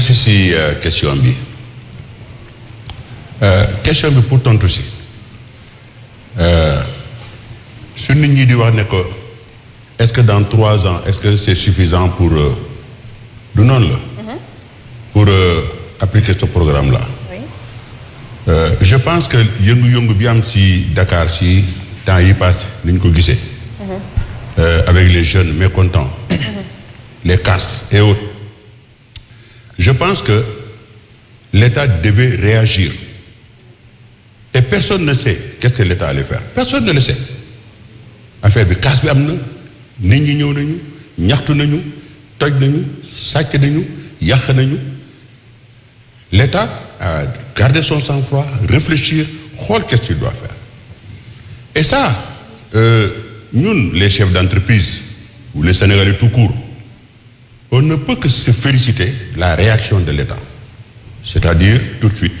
merci si eh, question bi eh, question bi pour tontu si eh, su nit ñi di wax ne ko est-ce que dans trois ans est-ce que c'est suffisant pour euh, du noonu la mhm. pour euh, appliquer ce programme la Euh, je pense que yëngu-yëngu bi am ci Dakar ci temps yi passé ni ñu ko gisee. Mhm. avec les jeunes mécontents. Mm -hmm. les casses et autres. Je pense que l'État devait réagir. Et personne ne sait qu'est-ce que l'État allait faire. Personne ne le sait. affaire bi kaas bi am na nit ñi ñëw nañu ñaxtu nañu toj nañu sàcc nañu yàq nañu l'État a gardé son sang-froid réfléchir xool qu'est-ce qu'il doit faire et ça euh, ñun euh, les chefs d'entreprise ou les Sénégalais tout court on ne peut que se féliciter de la réaction de l'État c'est-à-dire tout de suite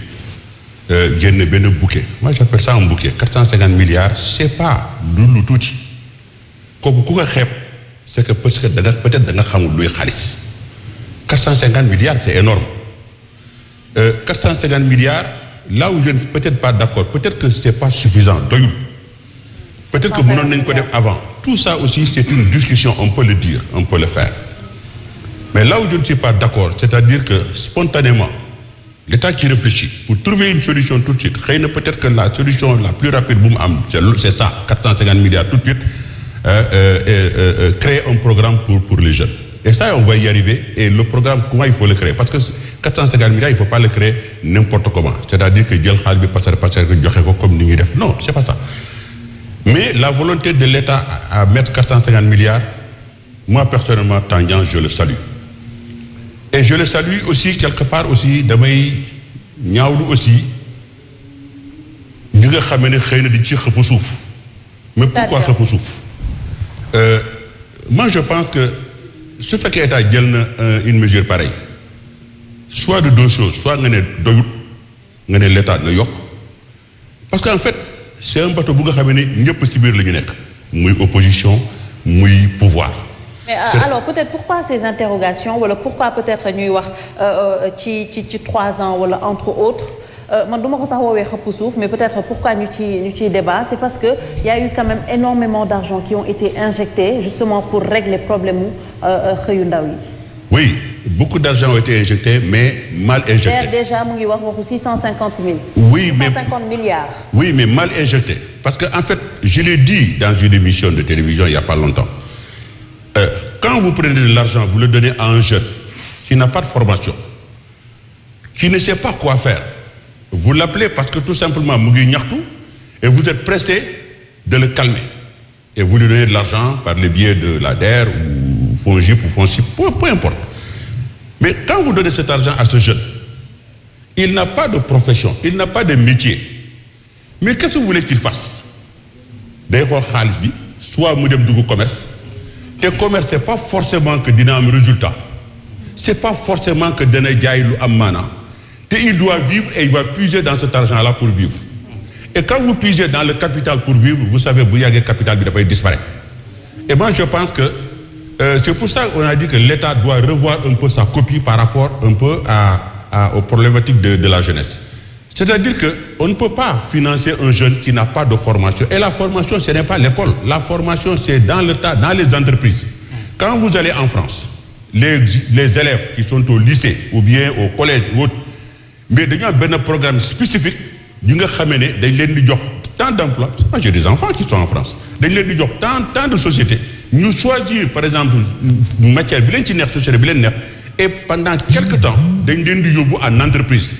euh, génn benn bouquet moi j'appelle ça un bouquet 450 milliards c'est pas du lu tuuti kooku ku ko xeeb c'est que parce que da nga peut-être da nga xamul luy xaalis 450 milliards c'est énorme euh, 450 milliards là où je ne suis peut-être pas d'accord peut-être que c'est pas suffisant doyul peut-être que mënoon nañ ko def avant tout ça aussi c'est une discussion on peut le dire on peut le faire Mais là où je ne suis pas d'accord, c'est-à-dire que spontanément, l'État qui réfléchit pour trouver une solution tout de suite, peut-être que la solution la plus rapide, c'est ça, 450 milliards tout de suite, euh, euh, euh, euh un programme pour, les jeunes. Et ça, on va y arriver. Et le programme, comment il faut le créer Parce que milliards, il faut pas le créer n'importe comment. C'est-à-dire que Dieu le passer, passer, comme Non, ce n'est pas ça. Mais la volonté de l'État à mettre 450 milliards, moi personnellement, tangent, je le et je le salue aussi quelque part aussi damay ñaaw ñaawlu aussi ñi nga xam ne xëy na di ci xëpp suuf. mais pourquoi xëpp suuf. Euh, moi je pense que su fekkee état jël na euh, une mesure pareille soit de deux choses soit nga ne doyut nga ne l'état nga yokk parce que en fait c'est un bu nga xam ne ñëpp si biir la ñu nekk muy opposition muy pouvoir. mais euh, alors peut-être pourquoi ces interrogations pourquoi peut-être ñuy wax euh, euh, ci ci ci trois ans wala entre autres euh, man du ma ko sax woowee xëpp suuf mais peut-être pourquoi ñu ci ñu ciy débat c'est parce que il y a eu quand même énormément d'argent qui ont été injectés justement pour régler problème mu xëyu ndaw yi. oui beaucoup d'argent ont été injectés mais mal injectés. mu ngi wax waxu 650 000. oui mais 650 milliards. oui mais mal injectés parce que en fait je l'ai dit dans une émission de télévision quand vous prenez de l'argent, vous le donnez à un jeune qui n'a pas de formation, qui ne sait pas quoi faire, vous l'appelez parce que tout simplement, et vous êtes pressé de le calmer. Et vous lui donnez de l'argent par le biais de l'ADER ou FONGIP ou FONSIP, peu, peu importe. Mais quand vous donnez cet argent à ce jeune, il n'a pas de profession, il n'a pas de métier. Mais qu'est-ce que vous voulez qu'il fasse D'ailleurs, soit Moudem Dougou Commerce, te commerce c'est pas forcément que dina am résultat c'est pas forcément que dana jaay lu am maanaam te il doit vivre et il doit puiser dans cet argent là pour vivre et quand vous puisez dans le capital pour vivre vous savez bu yàggee capital bi dafay disparaître et moi je pense que euh, c'est pour ça qu'on a dit que l'État doit revoir un peu sa copie par rapport un peu à, aux problématiques de de la jeunesse C'est-à-dire qu'on ne peut pas financer un jeune qui n'a pas de formation. Et la formation, ce n'est l'école. La formation, c'est dans le tas, dans les entreprises. Quand vous allez en France, les, les élèves qui sont au lycée ou bien au collège ou autre, mais dañu am benn programme spécifique ñu nga xamee ne dañ leen di jox tant d'emploi moi j'ai des enfants qui sont en France dañ leen di jox tant tant de sociétés ñu choisir par exemple matière bi leen ci neex société bi leen neex et quelque temps dañ leen di yóbbu en entreprise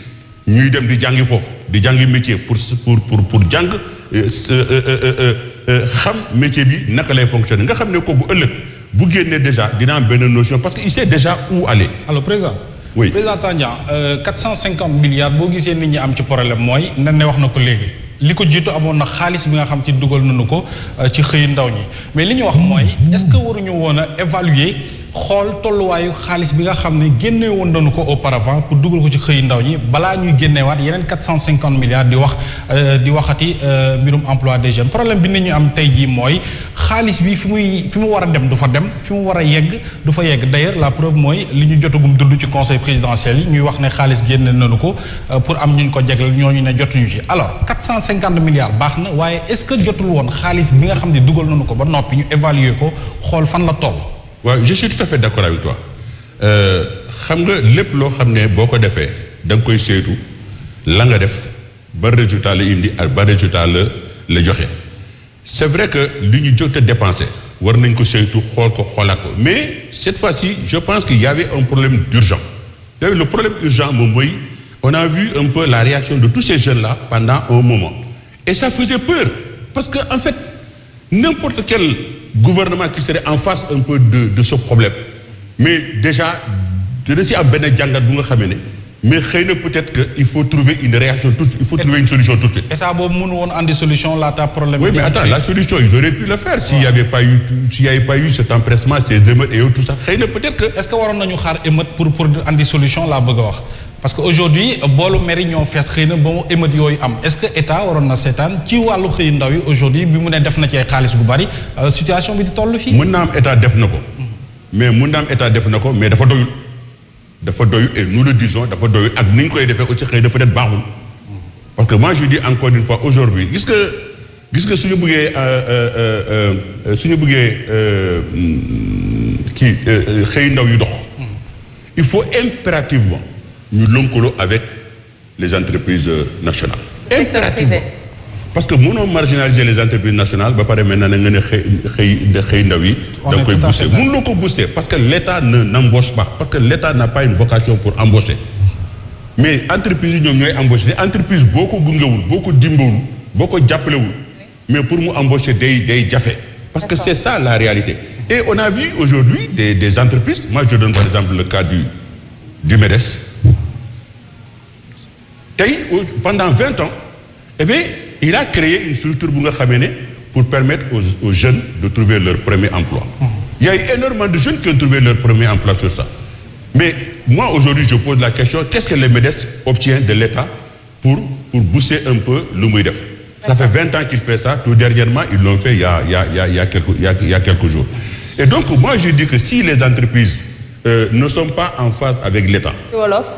ñuy dem di jàngi foofu di jàngi métier pour pour pour pour jàng euh, euh, euh, xam métier bi naka lay fonctionner nga xam ne kooku ëllëg bu génnee déjà dina am benn notion parce que il sait déjà où aller. alors président. oui président Tandian 450 milliards boo gisee nit ñi am ci problème mooy nan ne wax na ko léegi li ko jiitu amoon na xaalis bi nga xam ci dugal nañu ko ci xëy ndaw ñi mais li ñu wax mooy est-ce que waruñu woon a évaluer. xool tolluwaayu xaalis bi nga xam ne génne woon nañu ko auparavant pour dugal ko ci xëy ndaw ñi balaa ñuy génneewaat yeneen quatre cent cinquante milliards di wax euh, di waxati euh, mbirum emploi des jeunes problème bi nit ñu am tey jii mooy xaalis bi fi muy fi mu war a dem du fa dem fi mu war a yegg du fa yegg d'ailleurs la preuve mooy li ñu jotagum dund ci conseil présidentiel yi ñuy wax ne xaalis génne nañu ko euh, pour am ñu ko ñoo ñu ne jotuñu ci alors quatre cent cinquante milliards baax na waaye est-ce que jotul woon xaalis bi nga xam ne dugal nañu ko ba noppi ñu évaluer ko xool fan la toll. waaw je suis tout à fait d' euh, xam nga lépp loo xam ne boo ko defee da nga koy saytu la nga def ba résultat la indi ak ba résultat la la joxe c' est vrai que li ñu jot te dépensé war nañ ko saytu xool ko xoolaat ko mais cette fois ci je pense qu'il y avait un problème d'urgent le problème urgent moom mooy on a vu un peu la réaction de tous ces jeunes la pendant un moment et ça faisait peur parce que en fait n'importe quel gouvernement qui serait en face un peu de de ce problème mais déjà dina si am benn jàngat bu nga xamee ne mais xëy na peut-être que il faut trouver une réaction tout suite. état boobu mënu woon andi solution laata problème. mais attends la solution ils auraient pu le faire. s'il y pas eu s'il y avait pas eu cet empressement ces émeutes et tout ça xëy na peut-être que. est-ce que waroon nañu xaar émeute pour pour andi laa bëgg a parce que aujourd'hui boolu mairie ñoo fees xëy na ba mu émeute yooyu am est-ce que état waroon na seetaan ci wàllu xëy ndaw yi aujourd'hui bi mu ne def na ci ay xaalis bu bari euh, situation bi di toll fii. mën naa am état def na ko. mais mun naa am état def na ko mais dafa doyul. dafa doyul et nous le disons dafa doyul ak ni ñu koy defee aussi xëy na peut-être parce que moi je dis encore une fois aujourd'hui gis nga gis nga suñu bëggee euh, euh, suñu bëggee hmm, kii xëy ndaw yu dox. il faut impérativement. ñu lëkkaloo avec les entreprises nationales. impérativement parce que mënoo marginaliser les entreprises nationales ba pare maintenant nga ne xëy xëy xëy ndaw yi. da nga koy booster mënuloo ko booster parce que l' état ne n' pas parce que l' état n'a pas une vocation pour embaucher. mais entreprise yi ñoom ñooy embaucher entreprise boo ko gungewul boo ko dimbawul boo ko jàppalewul mais pour mu embaucher day day jafe. parce que c'est ça la réalité. et a vu aujourd'hui des des entreprises moi je donne par le cas du tey pendant vingt ans eh bien il a créé une structure bu nga xamee ne pour permettre aux, aux jeunes de trouver leur premier emploi il y a eu énormément de jeunes qui ont trouvé leur premier emploi sur ça mais moi aujourd'hui je pose la question qu'est-ce que le MEDES obtient de l'État pour pour booster un peu lu muy def ça fait ans qu'il fait ça tout dernièrement ils l'ont fait il y a il y a il y a quelques il y a quelques jours et donc moi je dis que si les entreprises Euh, ne sont pas en phase avec l' état.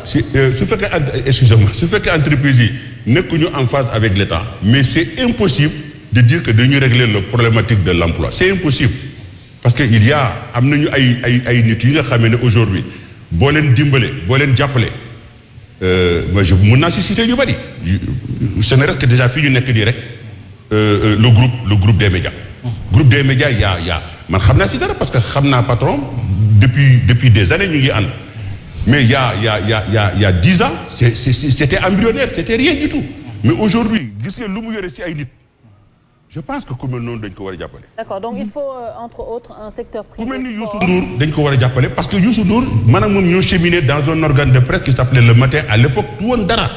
si euh, su fekkee euh, excusez-moi su fekkee entreprise yi nekkuñu en phase avec l' état mais c' est impossible de dire que dañuy régler le problématique de l' emploi c' impossible. parce que il ya am nañu ay ay ay nit yi nga xamee ne aujourd'hui boo leen dimbale boo leen jàppale ma je mën naa si citer ñu bari ce n'est que déjà fii ñu nekk nii rek le groupe le group des médias. groupe des médias y a y a man xam naa si dara parce que xam naa patron. depuis depuis des années ñu ngi ànd mais il y a dix ans c'était embryonnaire c'était rien du mais aujourd'hui gis nga lu mu yore ci ay nit je pense que ku mel noonu dañ ko war a jàppale. d'accord donc il faut euh, entre autres un secteur ni Youssou euh, Ndour dañ ko war a jàppale parce que Youssou Ndour maanaam moom ñoo cheminé dans un organe de presse qui Le Matin à l'époque du woon dara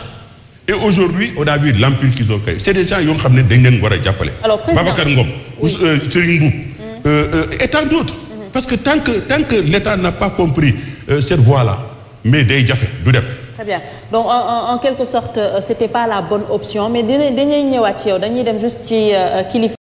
et aujourd'hui on a vu l'empire qu'ils ont créé c'est des gens xam ne dañ leen war a jàppale. alors président Babacar parce que tant que tant que l'État n'a pas compris euh, cette voie-là mais day jafe du dem. très bien donc en, en quelque sorte euh, c'était pas la bonne option mais dinañ dañuy ñëwaat ci yow dañuy dem juste ci euh, kilifa.